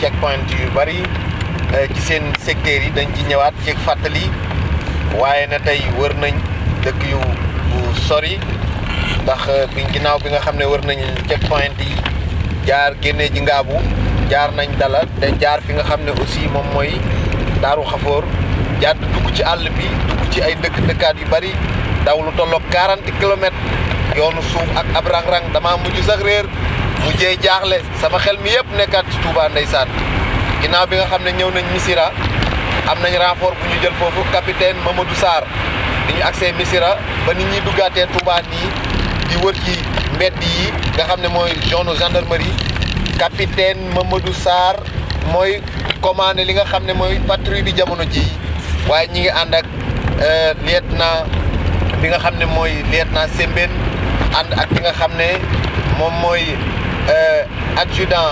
checkpoint yu bëri eh, ci seen secteurs yi dañ ci ñëwaat ci fàttali waaye na tey wër nañ dëkk yu sori ndax eh, bi ginnaaw bi nga xam ne wër nañ checkpoint yi jaar génne ji ngaabu jaar nañ dala te jaar fi nga xam ne aussi moom mooy daaru xafoor jaar dugg ci àll bi dugg ci ay dëkk dëkkaat yu bëri daw lu tolloog 40 kilomètres yoonu suuf ak ab rang-rang damaa mujj sax réer mujjee jaaxle sama xel mi yëpp nekkaat ci Touba ndeysaan ginnaaw bi nga xam ne ñëw nañ Missira am nañ renfort bu ñu jël foofu capitaine Mamadou Sarr di ñu accès Missira ba nit ñi duggaatee Touba nii di wër ci mbedd yi nga xam ne mooy zone gendarmerie capitaine Mamadou saar mooy commandé li nga xam ne mooy patrouille di jamono ji waaye ñi ngi ànd ak euh, lieutenant bi nga xam ne mooy lieutenant Sembène ànd ak bi nga xam ne moom mooy Euh, adjudant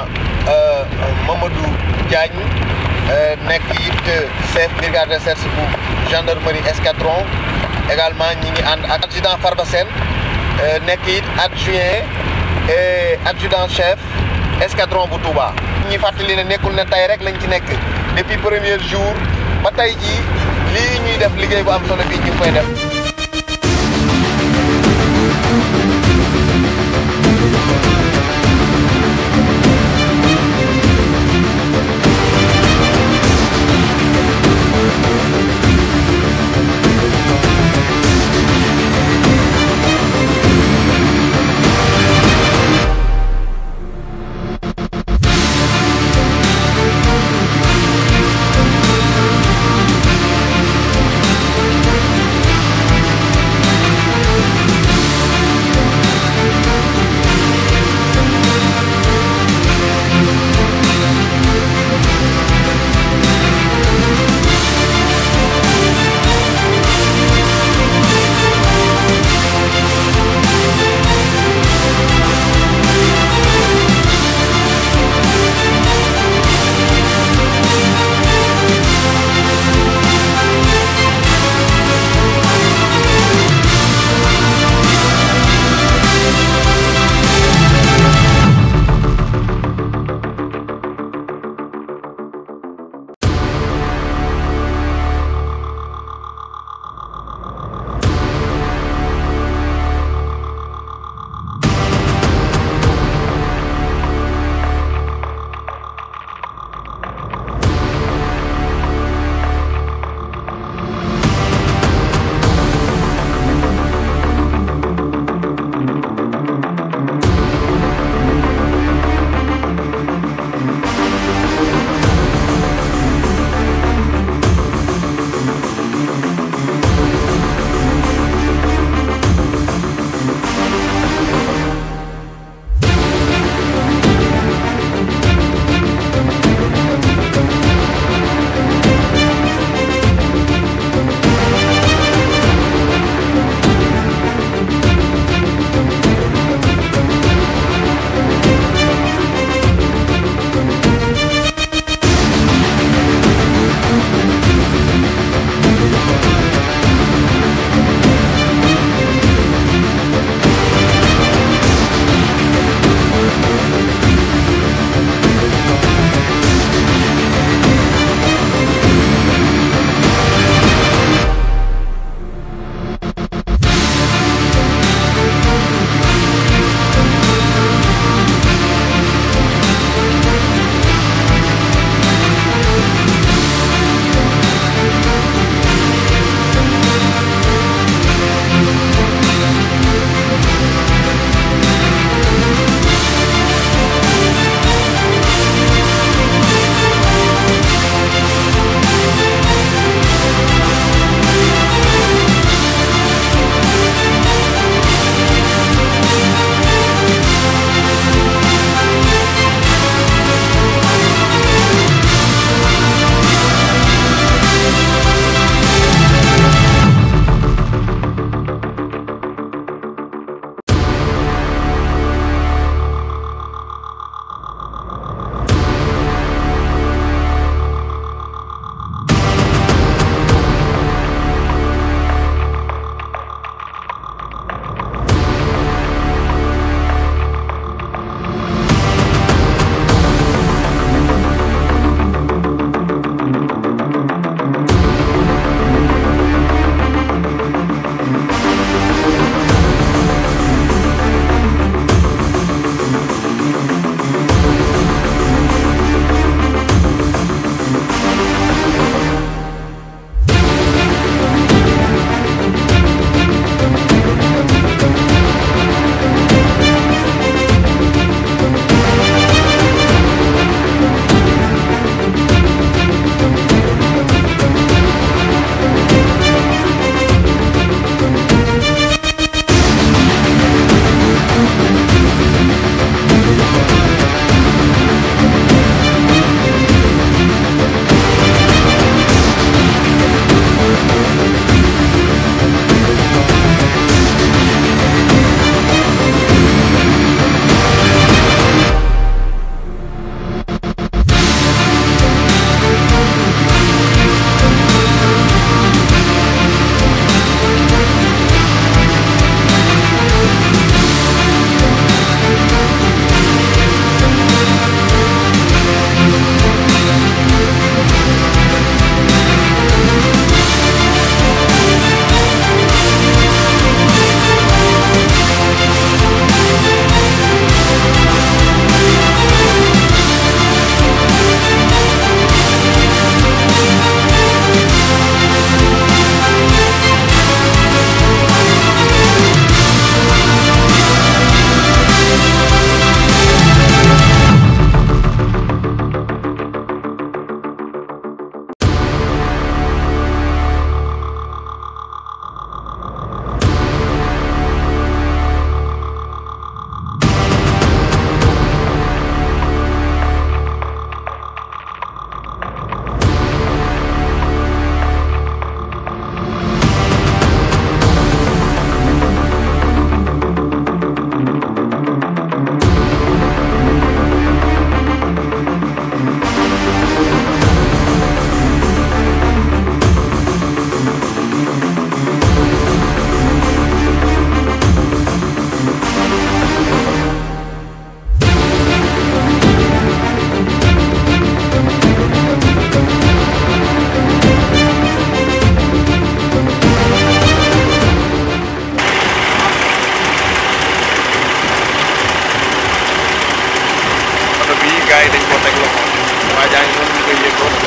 euh, Mamadou Diagne euh, nek it chef brigade recherche bu gendarmerie escadron également ñi ngi ànd adjudant Farba Sène nek it adjoint et adjudant chef escadron bu Touba. ñi fàttali ne nekul ne tay rek lañ ci nekk depuis premier jour ba tay ji lii ñuy def liguey bu am solo bi ñu koy def.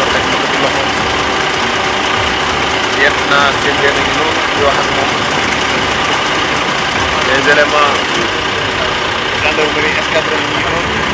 الحين نقول لهم احنا سيلين جنون في واحد منهم يا زلمه عندهم مريض اسكاتر جنون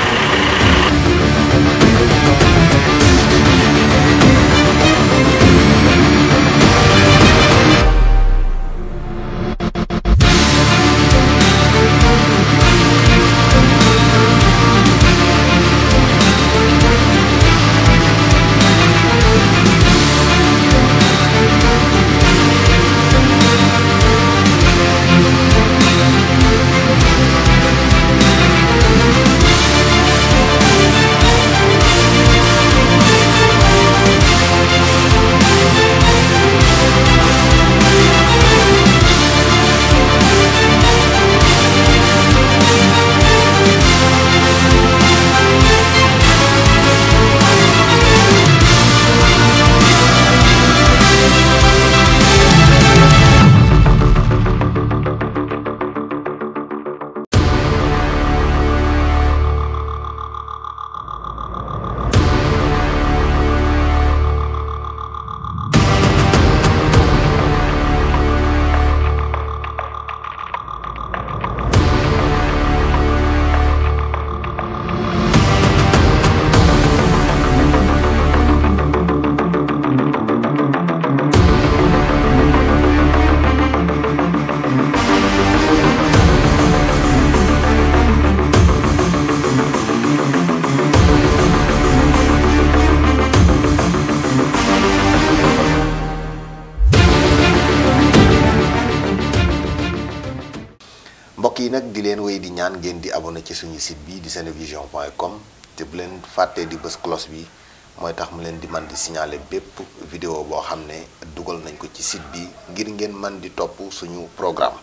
di nag di leen wéy di ñaan ngeen di abonné ci suñu site bi di senevision point com te bu leen fàttee di bës close bi mooy tax mu leen di man di signaler bépp vidéo boo xam ne dugal nañ ko ci site bi ngir ngeen man di topp suñu programme